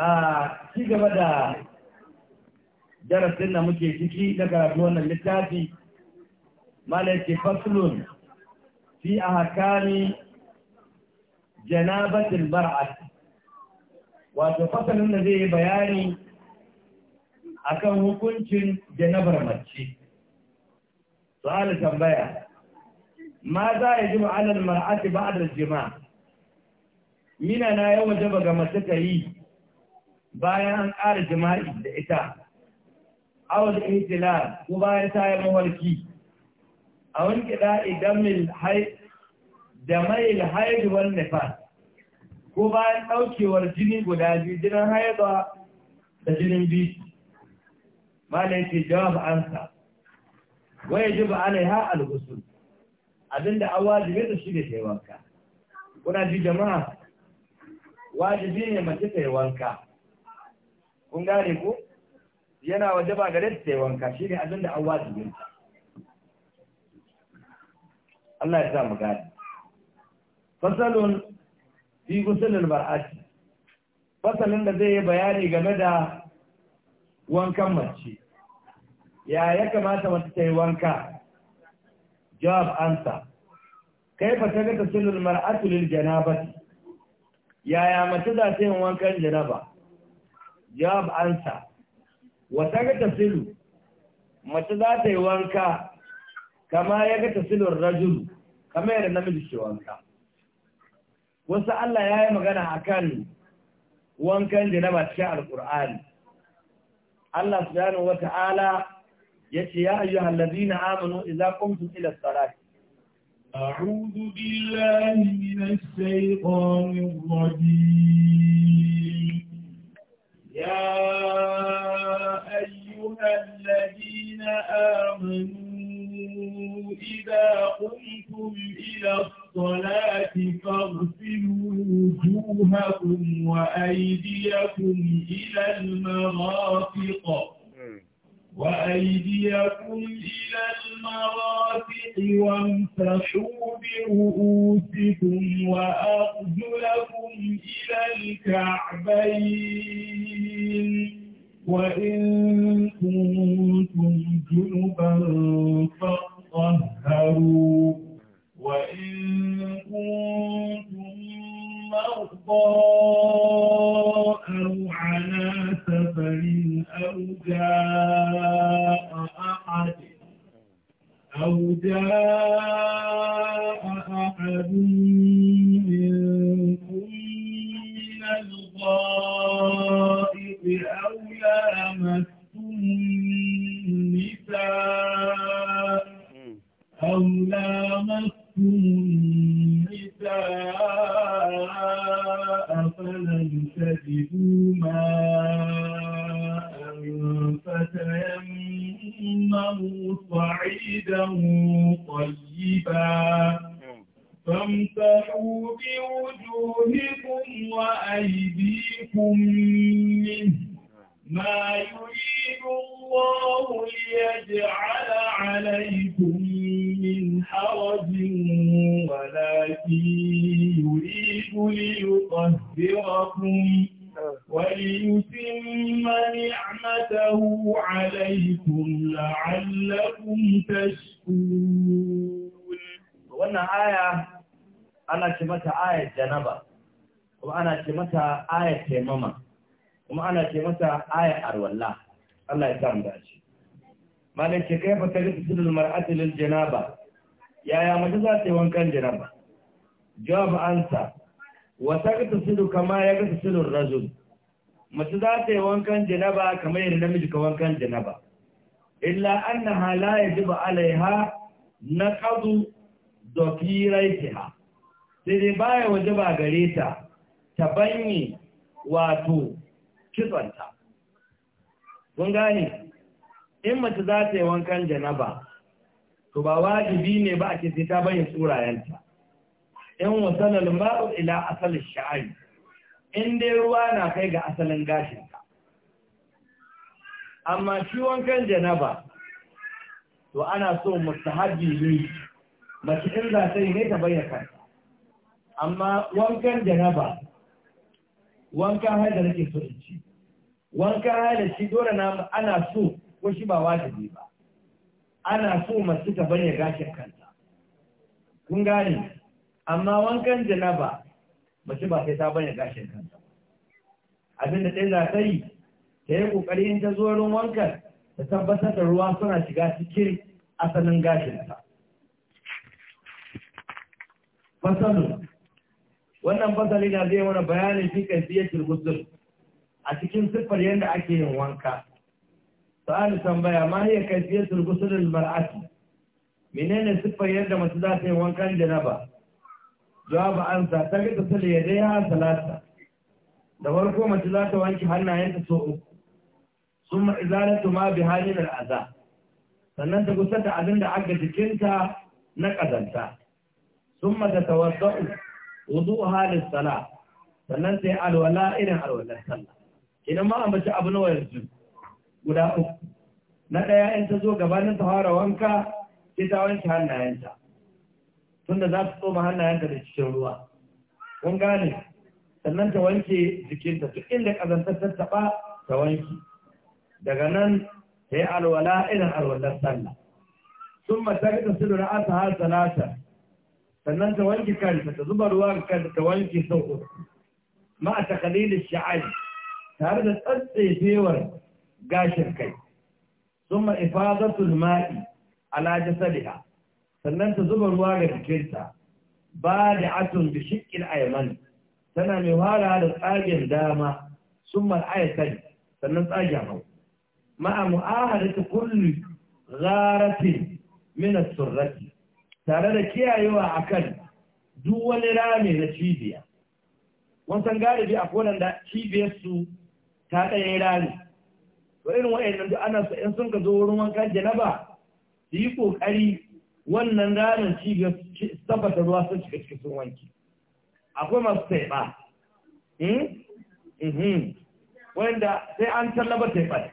a ci gaba da darasin da muke ciki na karatu wannan littafi malaki faslun fi ahkami janabatin bar'at wato fasalin da zai yi bayani akan hukuncin janabar mace su'ala tambaya ma za a yi ma'anar mar'ati ba'da jima'a mina na yawan jaba ga mace ta yi bayan an ƙara jima'i da ita awal ihtilal ko bayan ta yi mawarki a wani kiɗa idan mil da mail haiduwar nefa, ko bayan ɗaukewar jini guda biyu jinin haiduwa da jinin biyu malai ce jawab ansa waye ji ba ana ha alhusul abinda an wajibi da shi da ta yi wanka kuna ji jama'a wajibi ne mace ta yi wanka kun gane ko yana waje ba gare ta wanka shi ne abin da an wajibin Allah ya sa mu gane fasalun fi gusulul mar'ati fasalin da zai yi bayani game da wankan mace ya ya kamata mace ta yi wanka jawab ansa kaifa tagatasilul mar'atu lil janabati yaya mace za ta yi wankan janaba jawab ansa wata ga tasilu mace za ta yi wanka kama ya ga tasilun rajul kama yadda namiji ke wanka wasu Allah ya yi magana a kan wankan da na mace al alƙur'ani Allah subhanahu wa ta'ala ya ce ya ayyu hallazi na aminu iza kumtum ila tsaraki أعوذ بالله من الشيطان الرجيم يا أيها الذين آمنوا إذا قمتم إلى الصلاة فاغسلوا وجوهكم وأيديكم إلى المرافق وأيديكم إلى المرافق وامسحوا برؤوسكم وأرجلكم إلى الكعبين وإن كنتم جنبا فاطهروا وإن كنتم مرضى أو على سفر أو جار أو جاء أحد la'allakum tashkurun wannan aya ana ce mata Aya janaba kuma ana ce mata Aya taimama kuma ana ce mata Aya arwalla Allah ya sa mu dace malam ce kai fa ta rubutul mar'atu lil janaba yaya mace za ta yi wankan janaba jawab ansa wa taqtasilu kama yaqtasilu ar-rajul mace za ta yi wankan janaba kamar yadda namiji ka wankan janaba illa annaha la yajibu alaiha naqadu dafiraitiha sai dai baya waje gare ta ta banye wato kitsonta kun gani in mace za ta yi wankan janaba to ba wajibi ne ba a ce sai ta banye tsurayenta in wasanar ma'u ila asalin sha'ari in dai ruwa na kai ga asalin gashinta amma shi wankan janaba to ana so mustahabi ne mace in za ta yi ne ta bayyana kanta amma wankan janaba wankan haida nake so in ci wankan haida shi dole na ana so ko shi ba wajibi ba ana so mace ta bayyana gashin kanta kun gane amma wankan janaba mace ba sai ta bayyana gashin kanta abinda ɗaya za ta yi ta yi ƙoƙari in ta zo ruwan wankan ta tabbatar da ruwa suna shiga cikin asalin gashinta. Fasalu, wannan fasali na zai wani bayanin fi siya gusul a cikin siffar yadda ake yin wanka. Sa'adu tambaya ma hiya kaifiyatul gusul mar'ati. Menene siffar yadda masu za ta yi wankan janaba? Jawabu ansa ta ga ta ya dai ha salata. Da farko mace za ta wanke hannayenta so uku. sun ma'izalatu ma bi da al'aza sannan ta kusa da abin da aka jikinta na ƙazanta sun mata tawazza'u wuzu halin sala sannan ta yi alwala irin alwalar sallah idan ma an abu nawa yanzu guda uku na ɗaya in ta zo gabanin ta fara wanka sai ta wanke hannayenta tunda za ta tsoma hannayenta da cikin ruwa kun gane sannan ta wanke jikinta duk inda ƙazantar ta taɓa ta wanke daga nan ta yi alwala irin alwalar sallah sun mataki ta sulu ra'asa har salata sannan ta wanke kanta ta zuba ruwa ga kanta ta wanke sau uku ma a takalilin sha'ai tare da tsatsefewar gashin kai sun ma ifadatul ma'i ala jasadiha sannan ta zuba ruwa ga jikinta ba da atun bi shikin ayman tana mai wara da tsagen dama sun mar'ayatar sannan tsagen hau ma'a mu'ahadatu kulli gharatin min as-surrati tare da kiyayewa akan duk wani rami na cibiya wasan galibi a kodan da cibiyar su ta ɗaya rami to irin wa'annan duk ana su in sun ka zo wurin wankan janaba su yi kokari wannan ramin cibiyar tabbata ruwa sun shiga cikin wanki akwai masu taiba wanda sai an tallaba taibar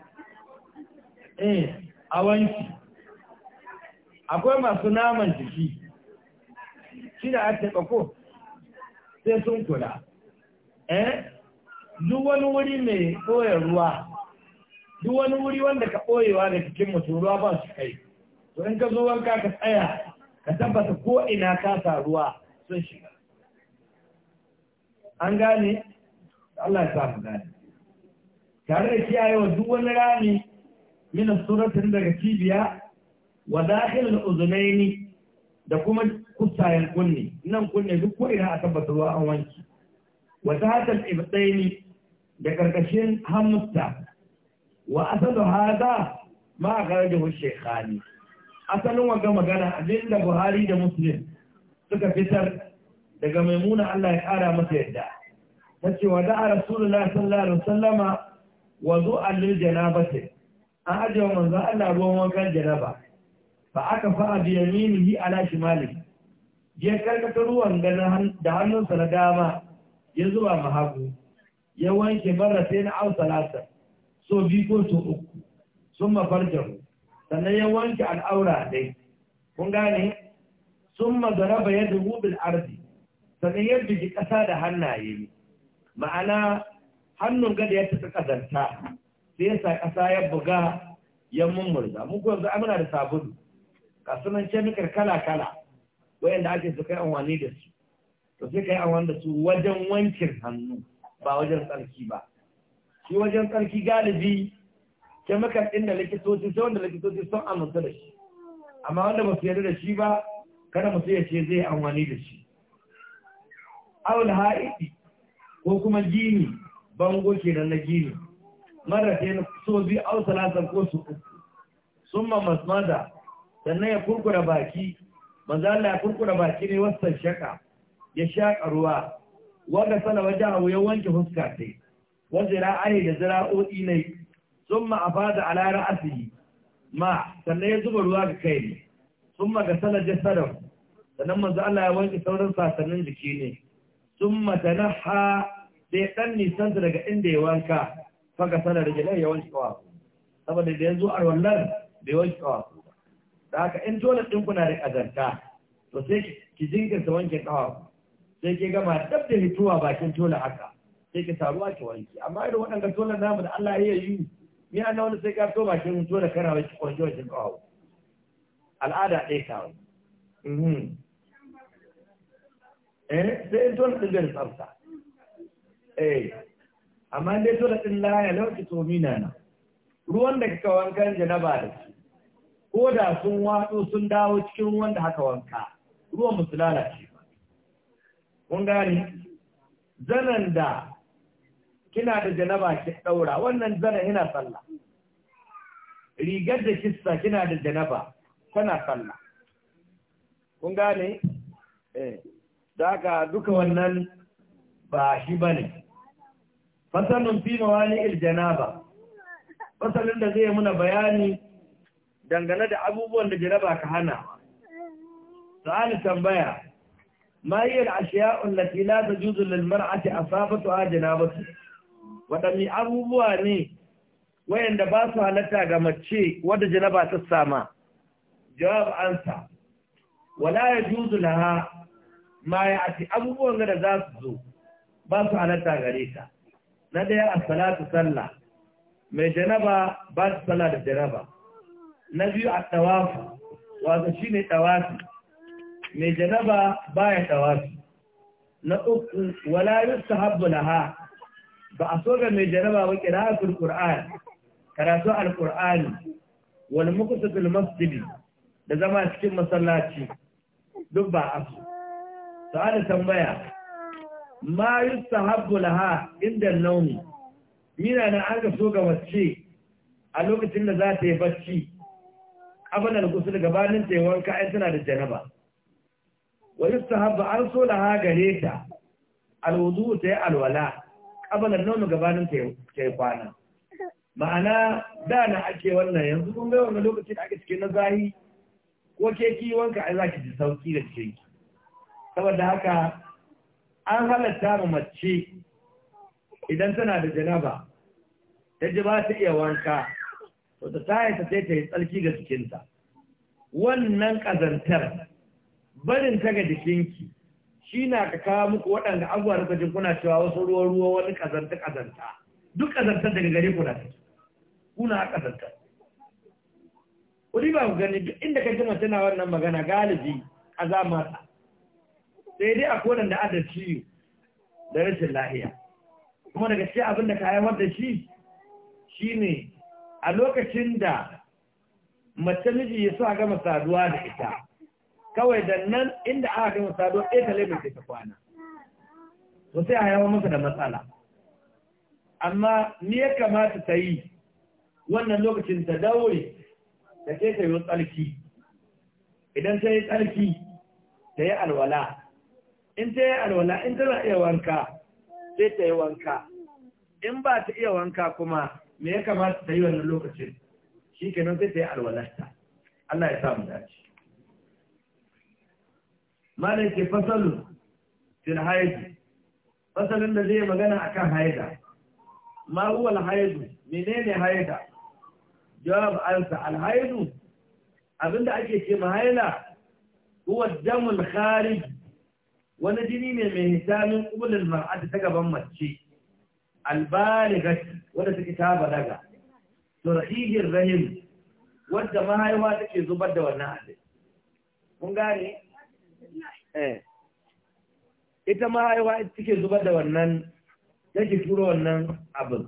eh awanki akwai masu naman jiki shi da ake ɓako sai sun kula eh duk wani wuri mai ɓoye ruwa duk wani wuri wanda ka ɓoyewa da cikin mutum ruwa ba su kai to in ka zo wanka ka tsaya ka tabbata ko ina ka sa ruwa sun shiga an gane Allah ya samu gane tare da kiyaye wa duk wani rami Mina suratin daga cibiya wa dakhil uzunaini da kuma kusayen kunne nan kunne duk ko ina a tabbata an wanki wa tahtal ibtaini da karkashin hamutta wa asalu hada ma garajahu shaykhani asalin wanga magana abinda Buhari da Muslim suka fitar daga maimuna Allah ya kara masa yadda tace wa da'a rasulullahi sallallahu alaihi wasallama wa zu'al lil janabati an ajiye manzon Allah ruwan wankan jaraba fa aka fa'a bi yaminihi ala mali. ya karkata ruwan da hannunsa na dama ya zuba mahagu ya wanke mara sai na au salata so biyu ko so uku sun mafarjaru sannan ya wanke al'aura dai kun gane sun mazaraba ya yadda rubin arzi sannan ya bigi ƙasa da hannaye ma'ana hannun gada ya tafi ƙazanta sai yasa kasa ya buga ya mummurza mun ko yanzu da sabulu kasunan chemical kala kala wayanda ake su kai amfani da su to sai kai amfani da su wajen wankin hannu ba wajen tsarki ba shi wajen tsarki galibi chemical ɗin da likitoci sai wanda likitoci sun amince da shi amma wanda ba su yarda da shi ba kada mutum ya ce zai amfani da shi aul ha'idi ko kuma gini bango kenan na gini marratain so bi aw salatan ko su uku summa masmada sannan ya kurkura baki manzo Allah ya kurkura baki ne wasan shaka ya shaƙa ruwa wanda sala wajahu ya wanke fuska sai wa zira'ai da zira'o'i ne a afada ala ra'sihi ma sannan ya zuba ruwa ga kai ne summa ga sala jasadar sannan manzo Allah ya wanke sauran sasannin jiki ne tana ha. sai dan nisanta daga inda ya wanka faka sana da jalai ya wanke kawaku saboda da yanzu a wannan ya wanke kawafu ba da haka in dole ɗin kuna da ƙazanta to sai ki jinkirta wanke kawaku sai ki gama dab da hituwa bakin tola haka sai ki saruwa ki wanke amma irin waɗanda tola namu da Allah ya yi ni a wani sai ka to bakin tola kana wanke wanke wanke kawaku al'ada ɗaya kawo mhm. eh sai in tola ɗin da tsafta eh amma dai dole din la ya lauki to mina na ruwan da kika wankan janaba da shi ko da sun wato sun dawo cikin ruwan da haka wanka ruwan musu lalace ba kun gani zanan da kina da janaba ki daura wannan zanan yana sallah rigar da kissa kina da janaba kana sallah kun gane eh da duka wannan ba shi bane fasalin fi mawani'il janaba fasalin da zai muna bayani dangane da abubuwan da janaba ka hana sa'ani tambaya ma hiya al a allati la tajuzu a mar'ati asabatuha janabatu waɗanni abubuwa ne wayanda ba su halatta ga mace wadda janaba ta sama jawab ansa wala yajuzu ha ma ya ake abubuwan da za su zo ba su halatta gare ta na ɗaya a salatu sallah mai janaba ba su sala da janaba na biyu a tawafu wato shi ne tawafi mai janaba ba ya tawafi na uku wala yusta habbu ha. ba a so ga mai janaba ba a qur'an karatu al wani wal muqtatul da zama cikin masallaci duk ba a Sa'adu tambaya ma yustahabbu laha inda nauni mina na an ga so ga wacce a lokacin da za ta yi bacci abin da kusur gabanin ta yi wanka ai tana da janaba wa yustahabbu an so laha gare ta alwudu ta yi alwala abin da gabanin ta yi kwana ma'ana da na ake wannan yanzu kun ga wannan lokacin da ake cikin na zahi ko ke ki wanka ai za ki ji sauki da cikin saboda haka an halatta ma mace idan tana da janaba ta ji ba ta iya wanka to ta tayi ta sai ta yi tsarki ga jikinta wannan kazantar barin ta ga jikinki shi na ka kawo muku waɗanda abuwa da kajin kuna cewa wasu ruwa ruwa wani kazanta kazanta duk kazantar daga gare kuna ta ta kuna kazantar ku ba ku gani duk inda ka ji mace na wannan magana galibi azama sai dai akwai wadanda adda ciwo da rashin lahiya kuma daga cikin abin da ka haifar da shi shine a lokacin da mace miji ya sa gama saduwa da ita kawai da nan inda aka gama saduwa ɗaya ta laifin sai ta kwana to sai a haifar masa da matsala amma ni ya kamata ta yi wannan lokacin ta daure da ke ta yi tsarki idan ta yi tsarki ta yi alwala in ta yi alwala in tana iya wanka sai ta yi wanka in ba ta iya wanka kuma me ya kamata ta yi wannan lokacin shi kenan sai ta yi alwalarta Allah ya samu dace malam ke fasalu fil haidu fasalin da zai magana akan haida ma huwa al haidu menene haida jawab alsa al haidu abinda ake ce ma haila huwa damul kharij wani jini ne mai hisamin ƙubulin mar'ad ta gaban mace albaligat wadda take ta balaga turhihin rahim wadda mahaifa take zubar da wannan abin kun gane eh ita mahaifa take zubar da wannan take turo wannan abin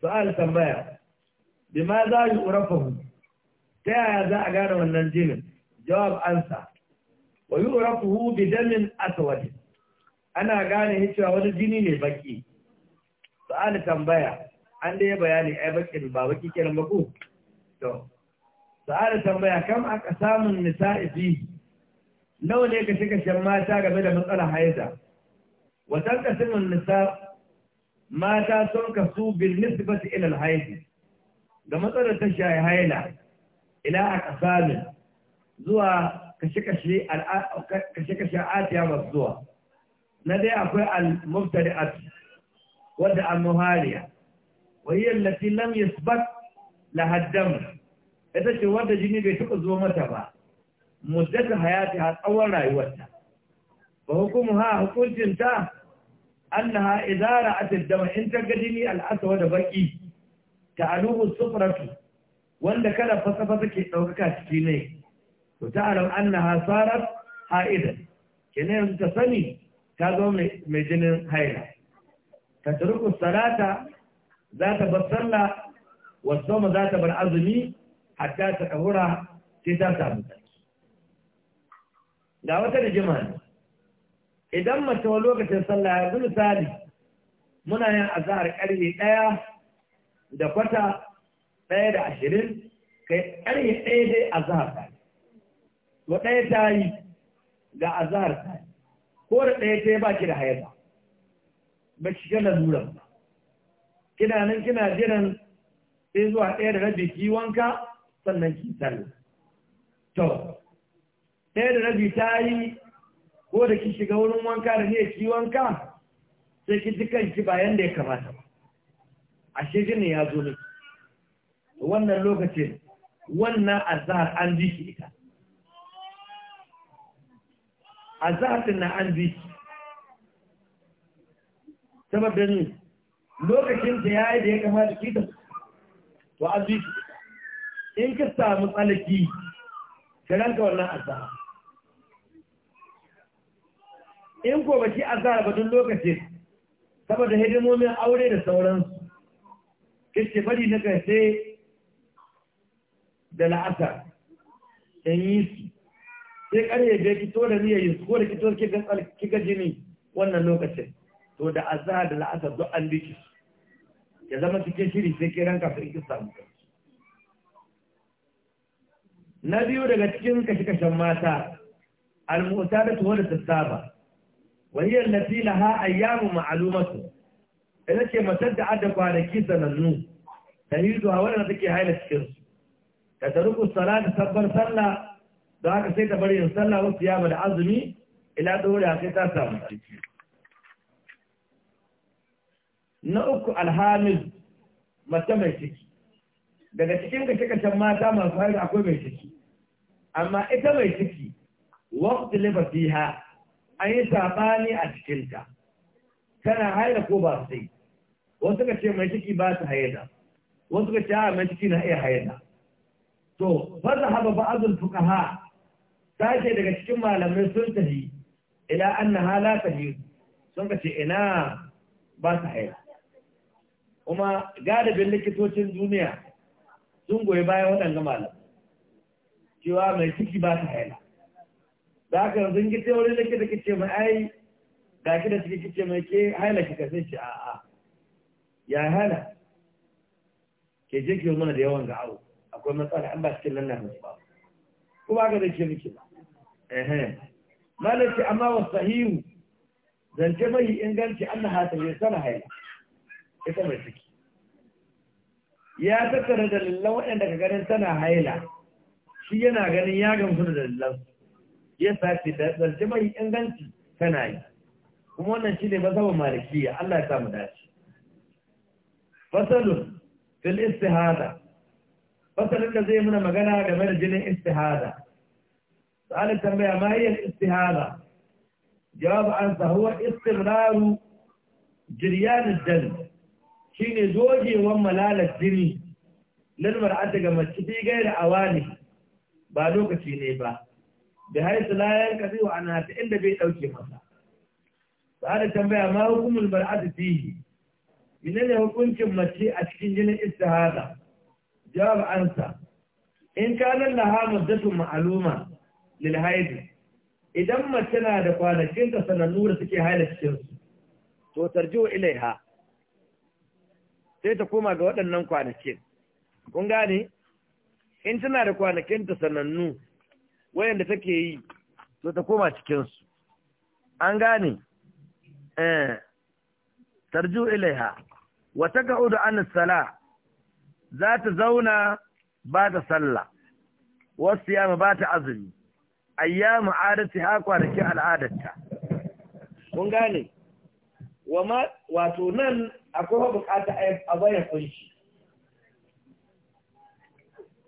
su'al tambaya bima za yi urafahu ta yaya za a gane wannan jinin jawab ansa wa yu'rafuhu bi damin aswad ana gane cewa wani jini ne baki sa'al tambaya an da bayani ai bakin ba baki kenan ba tambaya kam aka samun nisa'i fi nawa ne ka shiga mata game da matsalar haiza watan kasimin nisa mata sun kasu bil nisbati ila al-haidi ga matsalar ta shayi haila ila aqsamin zuwa kashe-kashe atiya masu zuwa na dai akwai al ati, wadda al-muhariya wahiyar lati lam la haddam? ita ce wadda jini bai taɓa zuwa mata ba muddata hayati a tsawon rayuwarta ba hukumu ha hukuncinta annaha idara atiddama in ta ga jini al'asawa da baki ta aluhu sufratu wanda kada fasa-fasa ke ɗaukaka ciki ne to ta'alam annaha sarat ha'ida kenan ta sani ta zo mai jinin haila ta turku salata za ta bar sallah wasu soma za ta bar azumi hatta ta kahura sai ta samu ta. ga wata da jima'a idan mace wa lokacin sallah yanzu misali muna yin azahar karfe ɗaya da kwata ɗaya da ashirin kai karfe ɗaya dai azahar to ɗaya ta yi ga azahar ta yi ko da ɗaya ta yi ba ki da haya ba ba ki gana laluran ba kina nan kina jiran sai zuwa ɗaya da rabi ki wanka sannan ki sallah to ɗaya da rabi ta yi ko da ki shiga wurin wanka da niyyar ki wanka sai ki ji kanki ba yanda ya kamata ba ashe jini ya zo ne wannan lokacin wannan zahar an ji shi ita a na an bi saboda ne lokacin da ya yi da ya kamata kita to an bi in ka samu tsalaki ka ranka wannan azara in ko ba shi azara ba duk lokacin saboda hidimomin aure da sauransu kake fari na karshe da la'asar in yi su sai karye bai fito da niyyar ko da fito da kiga jini wannan lokacin to da azhar da la'asar duk an biki ya zama cikin shiri sai ranka kafin ki samu na biyu daga cikin kashe-kashen mata al-mu'ta da tuwa da sassaba wahiyar lati laha ayyamu ma'alumatu ita ce matar da adda kwanaki sanannu ta zuwa wadanda take haila cikinsu ta taruku sala da sabbar sallah don haka sai ta bari yin sallah wasu yaba da azumi ila dole a sai ta samu ciki na uku alhamis mace mai ciki daga cikin kashe can mata masu haihu akwai mai ciki amma ita mai ciki wakti liba fiha an yi sabani a cikinta tana haila ko ba su yi wasu ka ce mai ciki ba su haida wasu ka ce mai ciki na iya haida to fasa haba ba'azul fuqaha sashe daga cikin malamai sun tafi ila anna hala tafi sun ka ce ina ba su haila kuma galibin likitocin duniya sun goyi bayan waɗanda malam cewa mai ciki ba ta haila da aka yanzu ki ce wani likita ki ce mai ai ga ki da ciki ki ce mai ke haila ki kasance ce a'a ya hana ke je ki mana da yawan ga'awo akwai matsala an ba cikin nan na ba kuma aka zai ce miki ba ehem malaki amma wa sahihu zance mai inganci an hata mai sana haila ita mai ciki ya tattara lallan waɗanda ka ganin sana haila shi yana ganin ya gamsu da lallan ya sace da zance mai inganci tana yi kuma wannan shi ne mazhaban malikiya Allah ya samu dace fasalun fil istihada fasalin da zai muna magana game da jinin istihada سؤال التنبيه ما هي الاستهادة جواب أنت هو استغرار جريان الدم شين زوجي وملال الدني للمرأة كما تشتي غير أواني بالوك شيني با بحيث لا ينكفي عنها تئل بيت أو شيء مثلا سؤال التنبيه ما حكم المرأة فيه من اللي حكم كمتي أشكين جنة استهادة جواب أنت إن كان لها مدة معلومة lil idan mace na da kwanakin ta sanannu da suke haila cikin su to tarjiu ilaiha sai ta koma ga waɗannan kwanakin kun gane in tana da kwanakin ta wayan wayanda take yi to ta koma cikin su an gane eh tarjiu ilaiha wa taqa'udu an sala za ta zauna ba ta sallah wasu yama ba ta azumi ayyamu adati ha kwanakin al'adarta kun gane ma wato nan akwai bukata a abaya kunshi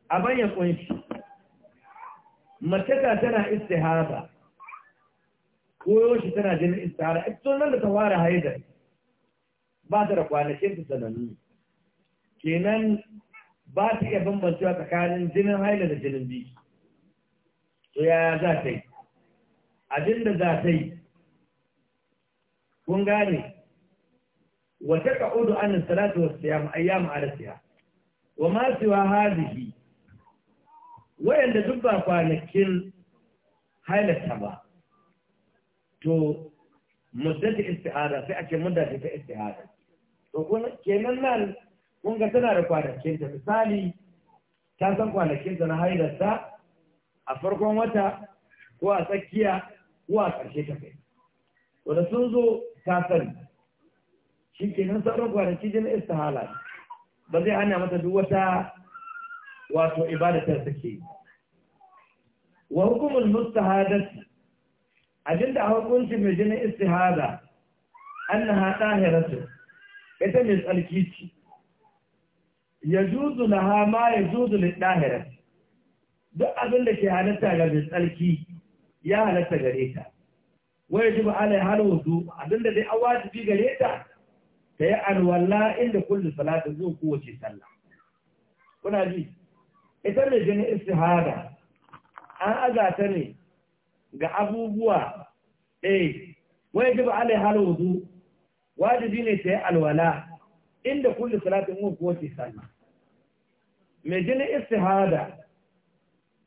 abaya kunshi mace ta tana istihara ko shi tana jinin istihara ita nan da ta ware haidar ba ta da kwanakin ta sanannu kenan ba ta iya bambancewa tsakanin jinin haila da jinin biki to ya za ta yi abin da za ta yi kun gane wata ka'udu an salatu wa siyam ayyam arsiha wa ma wa hadhihi wayanda duk ba kwanakin hailata ba to muddat istihada sai ake muddat ta istihada to kenan nan kun ga tana da kwanakin ta misali ta san kwanakin ta na hailata a farkon wata ko a tsakiya ko a ƙarshe ta kai wanda sun zo ta sani shi nan sauran kwanaki jin hala ba zai hana mata duk wata wato ibadatar ke. wa hukumul mustahadati abinda a hukuncin mai an na haɗa tahiratu ita mai tsarki ce na hama ma yajuzu na tahirati duk abin da ke halatta ga mai tsarki ya halatta gare ta wai ji ba'ala ya hana wasu abin da dai an wajibi gare ta ta yi alwala inda kullum salata zuwa kowace sallah kuna ji ita mai jini istihada an azata ne ga abubuwa eh wai ji ba'ala ya hana wasu wajibi ne ta yi alwala inda kullum salatin zuwa kowace sallah mai jini istihada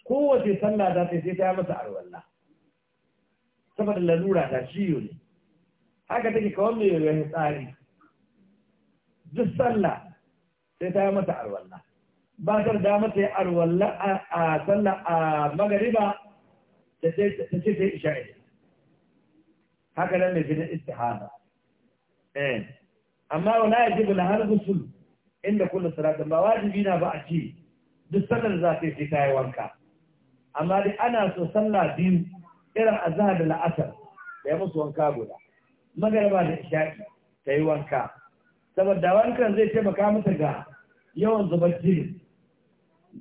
kowace sallah za ta yi sai ta masa arwalla saboda lalura ta ciyo ne haka take kawar mai yoyon tsari duk sallah sai ta yi masa arwalla ba ta da mata yi arwalla a sallah a magariba ta ce ta ne haka nan mai fi na istihada eh. amma wala ya jibu na har gusul inda kullum salatin ba wajibi na ba a ci duk sallar za ta yi sai ta yi wanka amma dai ana so sallah biyu irin azhar da la'asar da ya musu wanka guda magaraba da isha'i ta yi wanka saboda wankan zai taimaka masa ga yawan zubar jini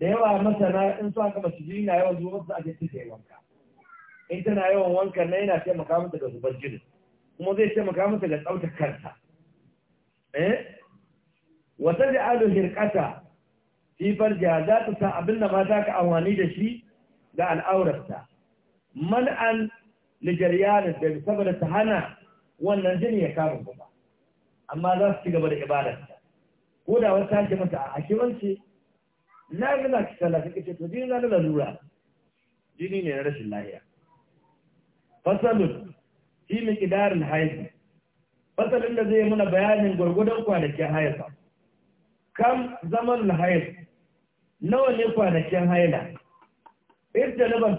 da yawa masana in so aka masu jini na yawan zubar su ake cikin ta wanka in tana yawan wanka na yana taimaka masa ga zubar jini kuma zai taimaka masa ga tsautar kanta eh wata da alo hirkata sifar jiha za ta sa abin da mata ka amfani da shi ga al'aurarta man'an lijariyanin da saboda ta hana wannan jini ya kama kuma amma za su ci gaba da ibadarta ko da wani ta ce mata a kimanci na ga za cikin lafi kace to jini na nuna lura jini ne na rashin lahiya fasalun ne kidarin haihu. fasalin da zai muna bayanin gwargwadon kwanakin haihu kam zaman haihu. nawa ne kwanakin haila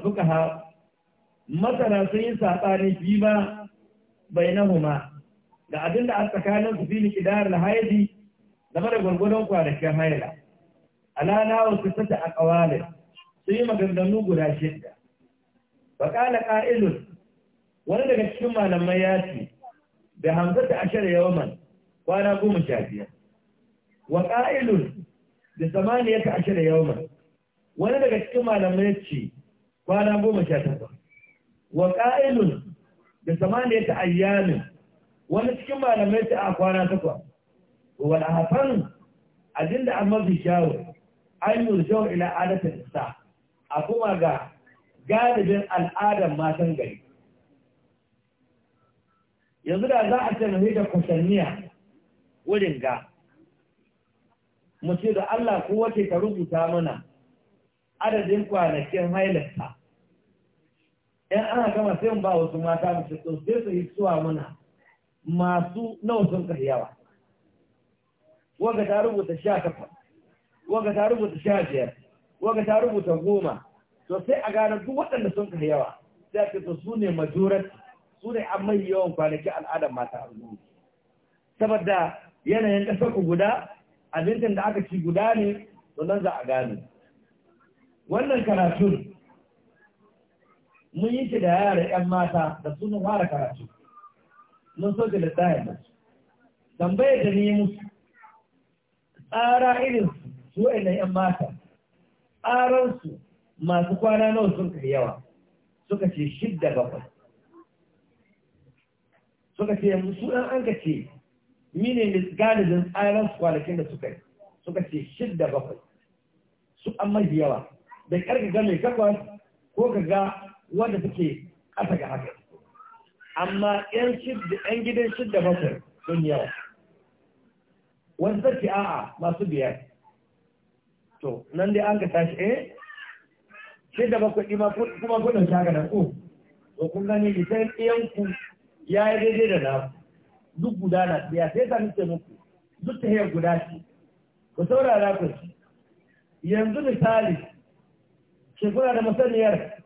suka ha masana sun yi saɓani fi ba bai na huma da abin da a tsakanin su fili ƙidar alhaidi game da gwargwadon kwanakin haila. Alana wasu sata a ƙawalin sun yi maganganu guda shidda. Baƙala ƙa'ilun wani daga cikin malamai ya ce da hamsata ashirin yawon kwana goma sha biyar. Wa ƙa'ilun da samaniyata ashirin yawon wani daga cikin malamai ce kwana goma sha takwas wa ƙa'ilun da ya ta ayyamin wani cikin malamai ce a kwana takwas wa hafan abin da an mafi shawo an yi wa ila adatar isa a kuma ga galibin al'adar matan gari yanzu da za a ce na da kusanniya wurin ga mu ce da Allah ko wace ka rubuta mana adadin kwanakin hailarta ‘yan ana gama sai ba wasu mata mace to sai su yi suwa muna masu nawa karyawa waga ta rubuta sha takwas waga ta rubuta sha biyar waga ta rubuta goma to sai a gane duk waɗanda sun karyawa sai ake to su ne majorat su ne an mai yawan kwanaki al'adar mata a saboda yanayin ƙasar ku guda abincin da aka ci guda ne to nan za a gane wannan karatun mun yi shi da yara 'yan mata da sun fara karatu mun so da tsayar da su tambayar da ni musu tsara irin su wa'annan 'yan mata tsararsu masu kwana nawa sun kai yawa suka ce shidda bakwai suka ce musu ɗan an ka ce mine galibin tsararsu kwanakin da suka yi suka ce shidda bakwai su an mafi yawa da ƙarfi ga mai gabas ko ka ga wanda suke ƙasa ga haka amma ‘yan gidan shidda masar sun yawa wani sarki a'a masu biyar to nan dai an ka tashi eh shidda bakwai ɗima kuma kudin shaka na ku oh. to kun gani lisan ɗiyanku ya yi daidai da nasu. duk guda na ɗaya sai ta nake muku duk ta guda ce ku saurara ku yanzu misali shi kuna da masaniyar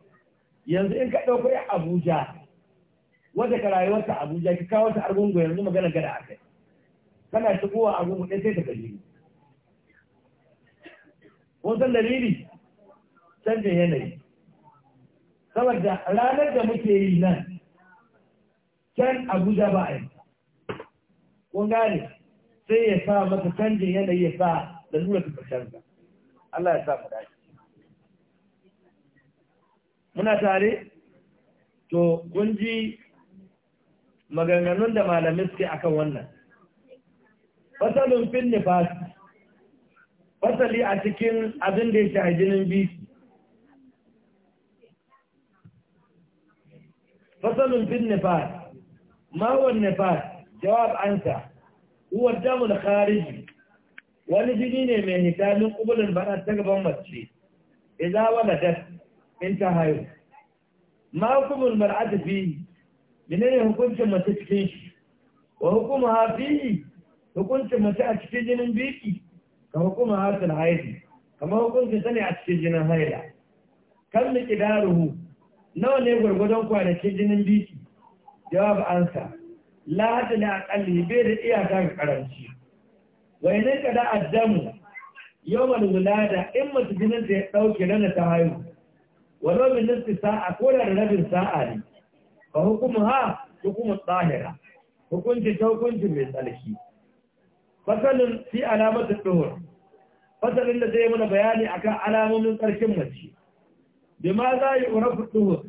yanzu in ka ɗauko ya abuja wadda ka rayuwarta abuja ki kawo ta argungu yanzu magana gada a kai kana shigowa argungu ɗaya sai ta gaji kun dalili canjin yanayi saboda ranar da muke yi nan can abuja ba a yi kun gane sai ya sa masa canjin yanayi ya sa da nuna ta Allah ya sa mu dace muna tare to kun ji maganganun da malamai suke akan wannan fasalin fin nifas fasali a cikin abin da ya shahi jinin biki fasalin fin nifas mawon nifas jawab sa. huwa damun khariji wani jini ne mai hita min kubulin bana ta gaban mace idza waladat intahayu ma hukumul mar'ati fi menene hukuncin mace cikin shi wa ha fi hukuncin mace a cikin jinin biki ka hukuma hasil haidi kamar hukuncin ta ne a cikin jinin haida. kan mi kidaruhu nawa ne gwargwadon kwanakin jinin biki jawab ansa la hada ne akalli be da iyaka ga karanci wa idan kada addamu yawmal wulada in mace jinin ta ya dauke nan ta haihu walau min nisfi sa'a ko da rabin sa'a ne fa hukumuha hukumu tsahira hukunci ta hukunci mai tsarki fasalin fi alamatin duhur fasalin da zai mana bayani akan alamomin tsarkin mace bi ma za yi urafu duhur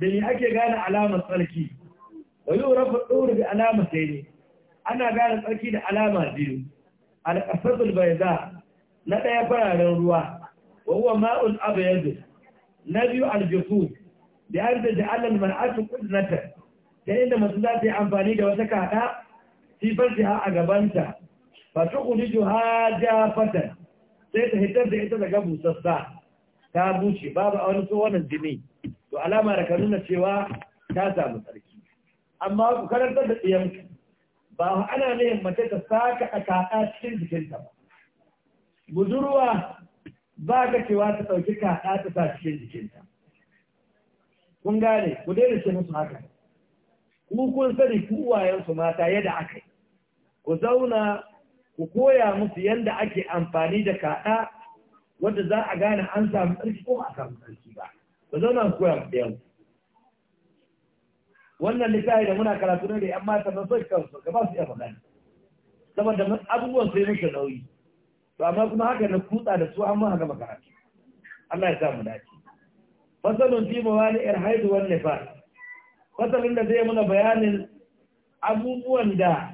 da ni ake gane alamar tsarki wa yi urafu duhur bi alama sai ana gane tsarki da alama biyu alƙasasul bai na ɗaya fararen ruwa wa huwa ma'un abu yadda na biyu aljufu da ya rita ja'alal mar'atu qudnatan ta inda masu za ta yi amfani da wata kada sifar ta a gabanta fa tukhriju fata sai ta hitar da ita daga busassa ta bushe babu a wani tsohonan jini to alama da ka cewa ta samu tsarki amma ku karantar da tsiyanku ba ana ne mace ta saka a kaɗa cikin jikinta ba budurwa ba ka cewa ta ɗauki kaɗa ta sa cikin jikinta. Kun gane, ku daina ce musu haka. Ku kun sani ku uwayensu mata yadda aka yi. Ku zauna ku koya musu yadda ake amfani da kaɗa wadda za a gane an samu tsarki ko a samu tsarki ba. Ku zauna ku koya da yau. Wannan littafi da muna karatu ne da ‘yan mata na son kansu, ka ba su iya magana. Saboda abubuwan sai musu nauyi. to amma kuma haka na kutsa da su an ma gama haka Allah ya samu mu dace fasalun fi mawali irhaidu wan nifas fasalin da zai muna bayanin abubuwan da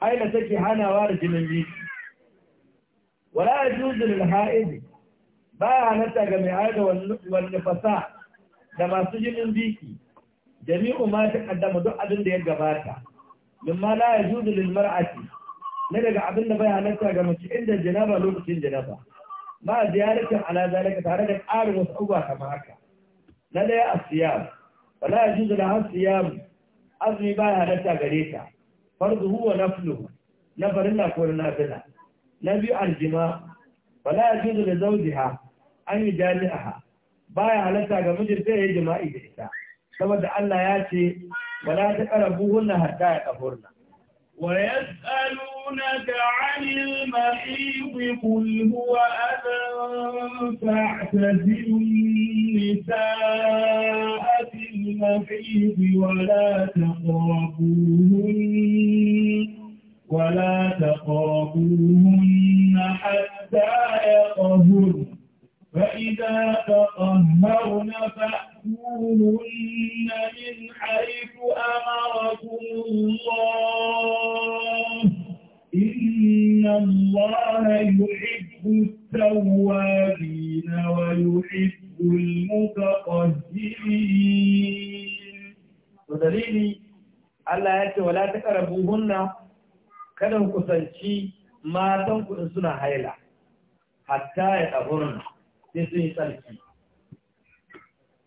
haila take hanawa da jinin biki wala ya lil haid ba halatta ga mai haida wal nifasa da masu jinin biki jami'u ma ta kaddama duk abin da ya gabata mimma la yajuzu lil mar'ati na daga abin da bai ga mace inda janaba lokacin janaba ba ziyaratin ala zalika tare da ƙarin wasu abubuwa kamar haka na daya asiyam wala yajuzu da asiyam azumi ba ya halatta gare ta huwa wa nafluhu na farilla ko na na biyu aljima wala da li ha an yi yujaliha ba ya halatta ga mijinta ya yi jima'i da ita saboda Allah ya ce wala taqrabuhunna hatta yaqhurna wa yas'alu يسألونك عن المحيط قل هو أذى فاعتزلوا النساء في المحيط ولا تقربوه suna haila hatta ya ɗahurin sai sun yi tsarki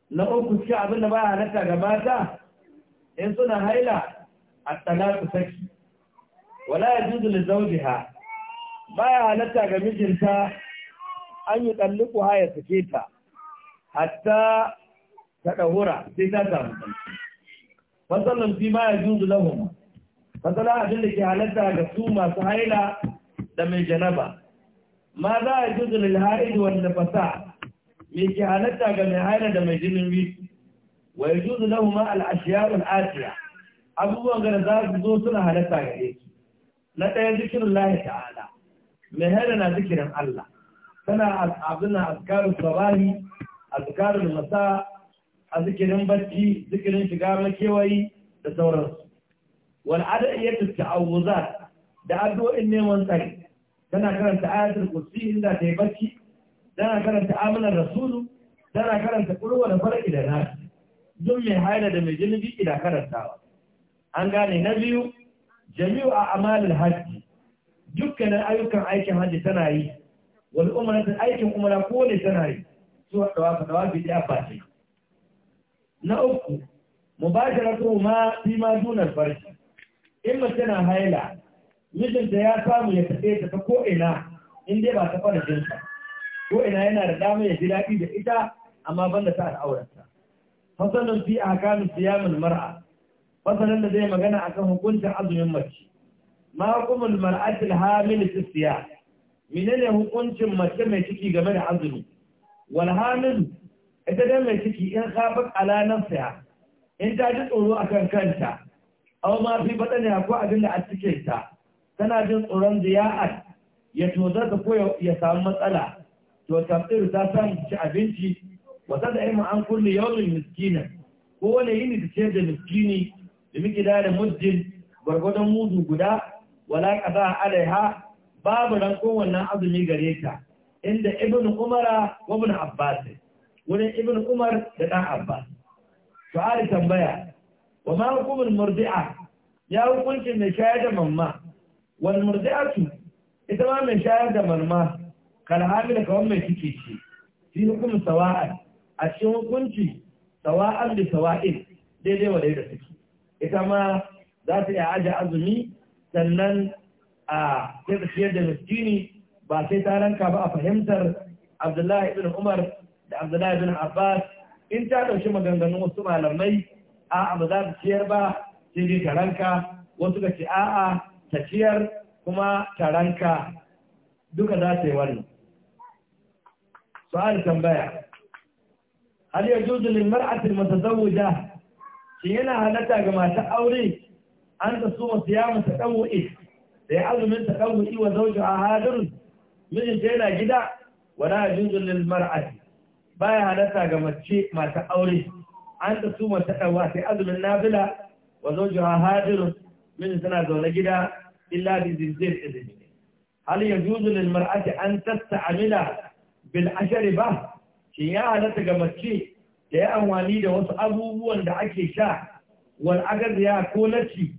na uku ci abin da ba halatta ga gabata? in suna haila a tsanatu saki wala ya juzu da ha. ba ya halatta ga mijinta an yi ɗalliku ya suke ta hatta ta ɗahura sai ta samu tsarki fasalin fi ma ya juzu lahun fasala abin da ke halatta ga su masu haila da mai janaba ma za a juzu lil ha'id wanda nafasa me ke halatta ga mai haila da mai jinin wiki wa yajuzu lahu ma al ashiya wal abubuwan da za su zo suna halatta ga su na ɗaya zikirin lahi ta'ala mai Haida na zikirin Allah tana abin azkarun sabahi azkarun masa a zikirin bacci zikirin shiga makewayi da sauransu wal ada'iyyatu ta'awuzat da addu'o'in neman tsari tana karanta ayatul kursi inda ta yi bacci tana karanta amanar rasulu tana karanta kurwa da farki da nasi duk mai haila da mai jinubi ina karantawa an gane na biyu jami'u a amalin hajji dukkanin ayyukan aikin hajji tana yi wani umaratun aikin umara ko ne tana yi su haɗawa ka bi ɗaya fashe. na uku mu ba shi ma fi ma dunar farki in mace na haila mijinta ya samu ya tafe ta ta ko'ina in dai ba ta fara jinsa ko'ina yana da dama ya ji daɗi da ita amma ban da ta al'aurarta fasalin fi a kamun mar'a fasalin da zai magana akan hukuncin azumin mace ma hukumul mar'atul hamil fi siya menene hukuncin mace mai ciki game da azumi wal hamil ita dai mai ciki in khafat ala nafsiha in ta ji tsoro akan kanta aw ma fi badani ko abinda a cikin ta tana jin tsoron ziya'ar ya tozar ko ya samu matsala to tafsir ta san ci abinci wata da imu an kulle yawon miskina ko wani yini da ce da miskini da miki da muddin gwargwadon mudu guda wala kaza alaiha babu ran wannan azumi gare ta inda ibn Umar wa ibn abbas wani ibn umar da dan abbas To su'ali tambaya wa ma hukumul murdi'a ya hukuncin mai shayar da mamma wal murdi'atu ita ma mai shayar da marma kal hamila kawan mai ciki ce fi hukum sawa'an a cikin hukunci sawa'an da sawa'in daidai wa da suke ita ma za ta iya aje azumi sannan a sai ta ciyar da miskini ba sai ta ranka ba a fahimtar abdullahi bin umar da abdullahi bin abbas in ta ɗauki maganganun wasu malamai a'a ba za ta ciyar ba sai dai ta ranka wasu ka ce a'a Tafiyar kuma taranka duka za su yi wannan su'al tambaya hal ya juzu masu zau da, shi yana halatta ga masu aure an ta su ya masu ta dawu'i da ya azumin ta dawu'i wa zawju a hadirun mijin ta yana gida na ya juzu lil Ba baya halatta ga mace masu aure an ta su ta dawa sai azumin nafila wa zawju a hadirun mijin tana zaune gida illa bi zizir izini hal ya juzu lil mar'ati an tasta'mila bil ashari ba shi ya halatta ga mace da ya amfani da wasu abubuwan da ake sha wal agarya ko naci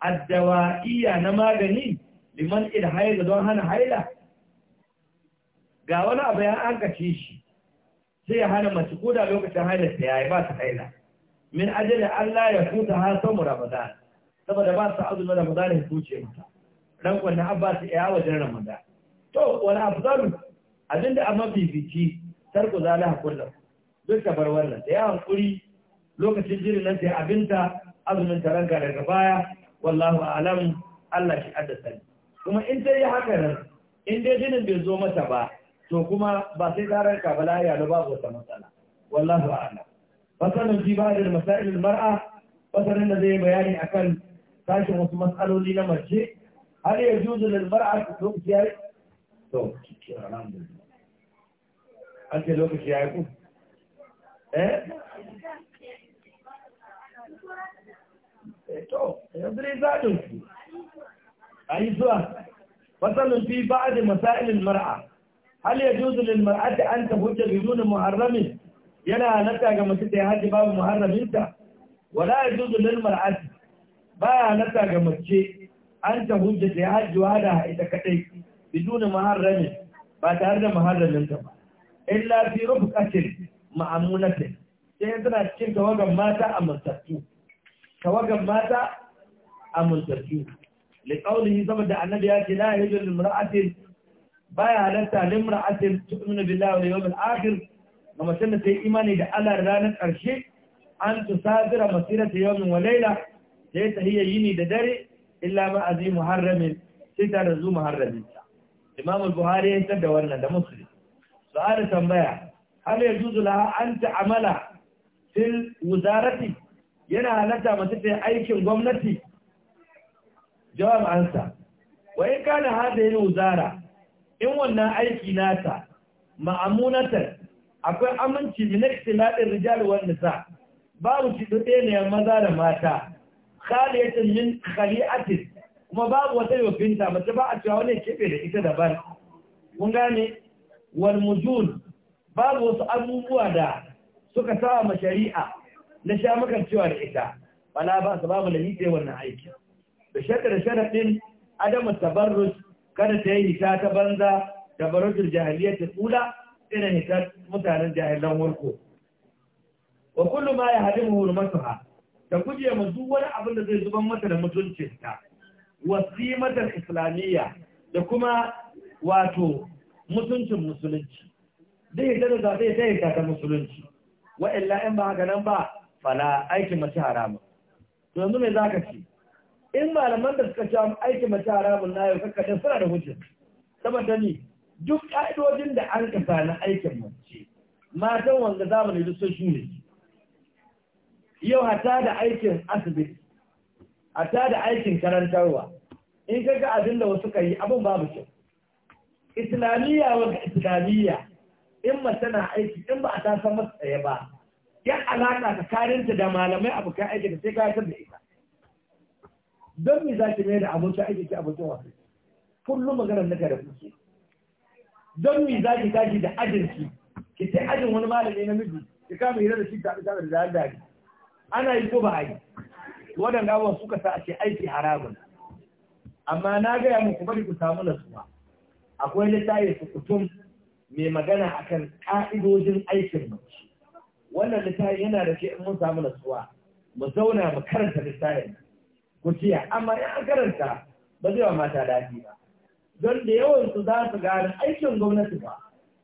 addawa'iyya na magani liman ilhaila don hana haila ga wani abu ya an shi sai ya hana mace ko da lokacin haila ta yayi ba ta haila min ajali Allah ya kuta ha samu Ramadan saboda ba su azumin da zuciyar ta ran kwanan abba su iya wajen ramadan to wani afzalu abinda a mafifici tarko zala hakullar duk ta bar wannan ta ya hankuri lokacin jirin nan sai abinta azumin ta ranka daga baya wallahu alam Allah shi addasa kuma in ta yi haka nan in dai jinin bai zo mata ba to kuma ba sai ta ranka ba lahiya da babu wata matsala wallahu alam fasalin fi ba'd al-masail al-mar'a fasalin da zai bayani akan تاشو مطمئن قالوا لي لما هل يجوز للمرأة تتوق جاي توق شكرا الحمد لله أنت لوك جايكم إيه, إيه، توق يدري زادو أي سؤال فصل في بعض مسائل المرأة هل يجوز للمرأة أن تخرج بدون محرم يلا نتا كما ستي باب محرم انت ولا يجوز للمرأة ba ya halatta ga mace an ta hujja da ya hajjuwa da ita kadai biduna muharramin ba tare da muharramin ta ba illa fi ƙashin ma'amunatin sai tana cikin tawagan mata a mantattu tawagan mata a mantattu liqaulihi saboda annabi ya ce yi la yajuz limra'atin baya halatta limra'atin tu'minu billahi wal yawmil akhir ga mace da ta yi imani da Allah ranar ƙarshe an tusazira masirata yawmin wa laila sai ta hiya ne da dare illa ma zai muharramin sai ta razu muharramin ta imam buhari ya da wannan da muslim da tambaya hal yanzu laha an amala fil wuzarati yana halatta mace ta aikin gwamnati jawab ansa wa in kana yin wuzara in wannan aiki nata ma'amunatan akwai aminci min ikhtilafin rijal wan nisa babu ci dade ne maza da mata khaliyatin min khali'atin kuma babu wata yofinta mace ba a cewa wani kebe da ita daban Mun gane wal mujun babu wasu abubuwa da suka sawa ma shari'a na sha makan cewa da ita bala ba su babu da nitse wannan aiki da shakar sharaɗin adamu tabarruj kada ta yi hita ta banza da barotin jahiliyyar ta tsula irin hita mutanen jahilan warko wa kullum ma ya hadin hurmatuha da guje ma duk wani abin da zai zuban mata da mutuncinta wasimatar islamiyya da kuma wato mutuncin musulunci zai da da zai yanka ta musulunci wa illa in ba haka nan ba fala aikin mace haramun to yanzu me zaka ce in malaman da suka sha aiki mace haramun na yau kakka suna da hujja saboda ni duk ka'idojin da an kasa na aikin mace matan wanda zamani duk sun ne. yau hata da aikin asibiti hata da aikin karantarwa in ka ga abin da wasu ka abin babu kyau islamiyya wa islamiyya in ma tana aiki in ba a ta san masa tsaye ba yan alaka karinta da malamai abokan aiki da sai ka san da ita don me za ki mai da abokin aiki ki abokin wasu kullum maganar naka da kuke don me za ki tashi da ajinki ki ta ajin wani malami miji, ki kama hira da shi ta da dare ana yi ko ba a yi waɗanda abubuwan suka sa a ce aiki haramun amma na gaya muku bari ku samu nasuwa akwai littafi kutum mai magana akan ka'idojin aikin mace wannan littafi yana da ke in mun samu nasuwa mu zauna mu karanta littafin ku ciya amma in an karanta ba zai wa mata daɗi ba don da yawan su za su gane aikin gwamnati ba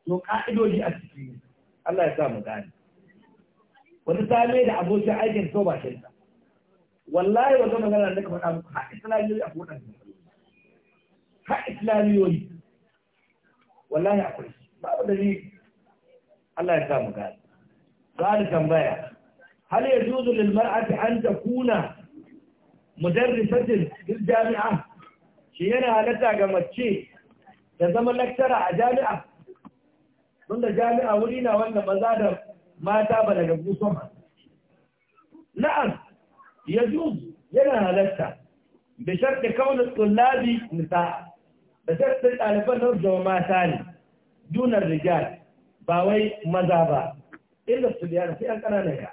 to ka'idoji a ciki Allah ya sa mu gane wani same da abokin aikin so ba shirka wallahi wanda magana da kamar abu ha islamiyoyi a kudan ha islamiyoyi wallahi a kudan ba da ni Allah ya sa mu gani gani tambaya hal ya zuzu lil mar'ati an ta kuna mudarrisatin fil jami'a shi yana halatta ga mace da zama lecturer a jami'a tunda jami'a wuri na wanda maza da mata balagaggu sun haɗu na'am ya yana halatta da sharɗi kaunar tsullabi nisa da sharɗin ɗaliban na zama mata ne dunar rigal ba wai maza ba inda su biya sai an ƙananan ya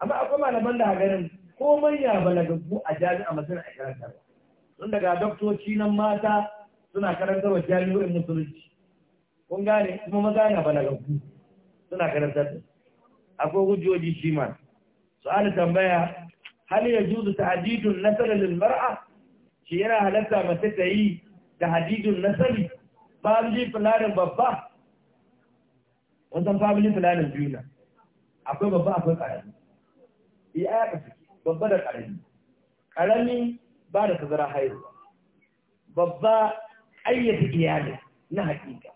amma akwai malaman da ganin ko manya balagaggu a jami'a masu a karanta tun daga doktoci nan mata suna karanta wa jami'o'in musulunci kun gane kuma maza na balagaggu suna karanta da akwai hujjoji shi ma su'ala tambaya hal yajuzu tahdidun nasal lil mar'a shi yana halatta mace ta yi hadidun nasali family planning babba wannan family planning biyu na akwai babba akwai karami yi aya ka babba da karami karami ba da tazara haihuwa babba ayyata iyali na hakika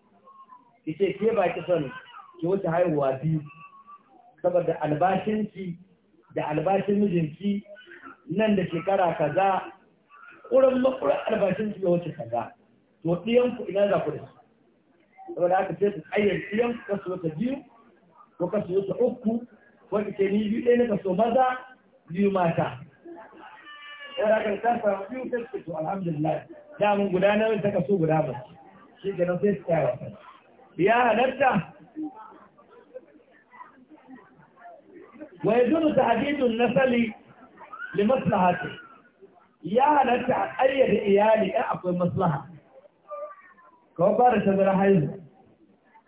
ki ce ke ba ki son ki wuce haihuwa biyu saboda albashinki da albashin mijinki nan da shekara kaza ƙuran makuran albashinki ya wuce kaza to ɗiyanku ina za ku da su saboda aka ce su ayyar ɗiyanku kasu wata biyu ko kasu wata uku wanda ke ni biyu ɗaya na kaso maza biyu mata yara kan ta samu biyu ta ce to alhamdulillah da mun gudanar da kaso guda ba shi ke nan sai su tsaya wata ya halatta ويجوز تحديد النسل لمصلحته يا هلتا قرية إيالي أعطي مصلحة كوبارة تبرا حيث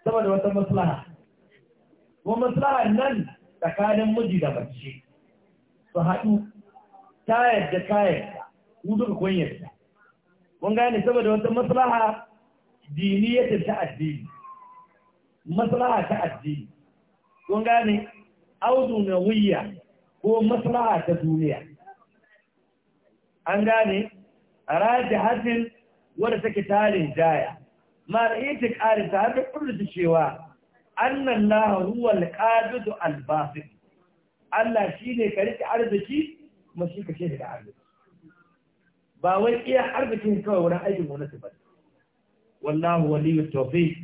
saboda wata maslaha ko maslaha nan tsakanin miji da mace su haɗu ta yadda ka yadda ku duka kun gane saboda wata maslaha diniyatin ta addini maslaha ta addini kun gane audu na wuya ko maslaha ta duniya an gane a rajin hajjin wadda take tarin jaya ma da ita ƙari ta haɗe ƙurrutu cewa annan laharuwar ƙadudu albafin. Allah shi ne ka arziki kuma shi ka da arziki ba wai iya arzikin kawai wurin aikin su ba wallahu waliyut tawfiq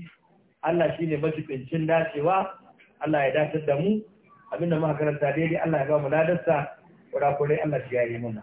Allah shi ne majibincin dacewa Allah ya dace da mu abinda muka karanta daidai Allah ya ba mu ladarsa kurakurai Allah ya yi muna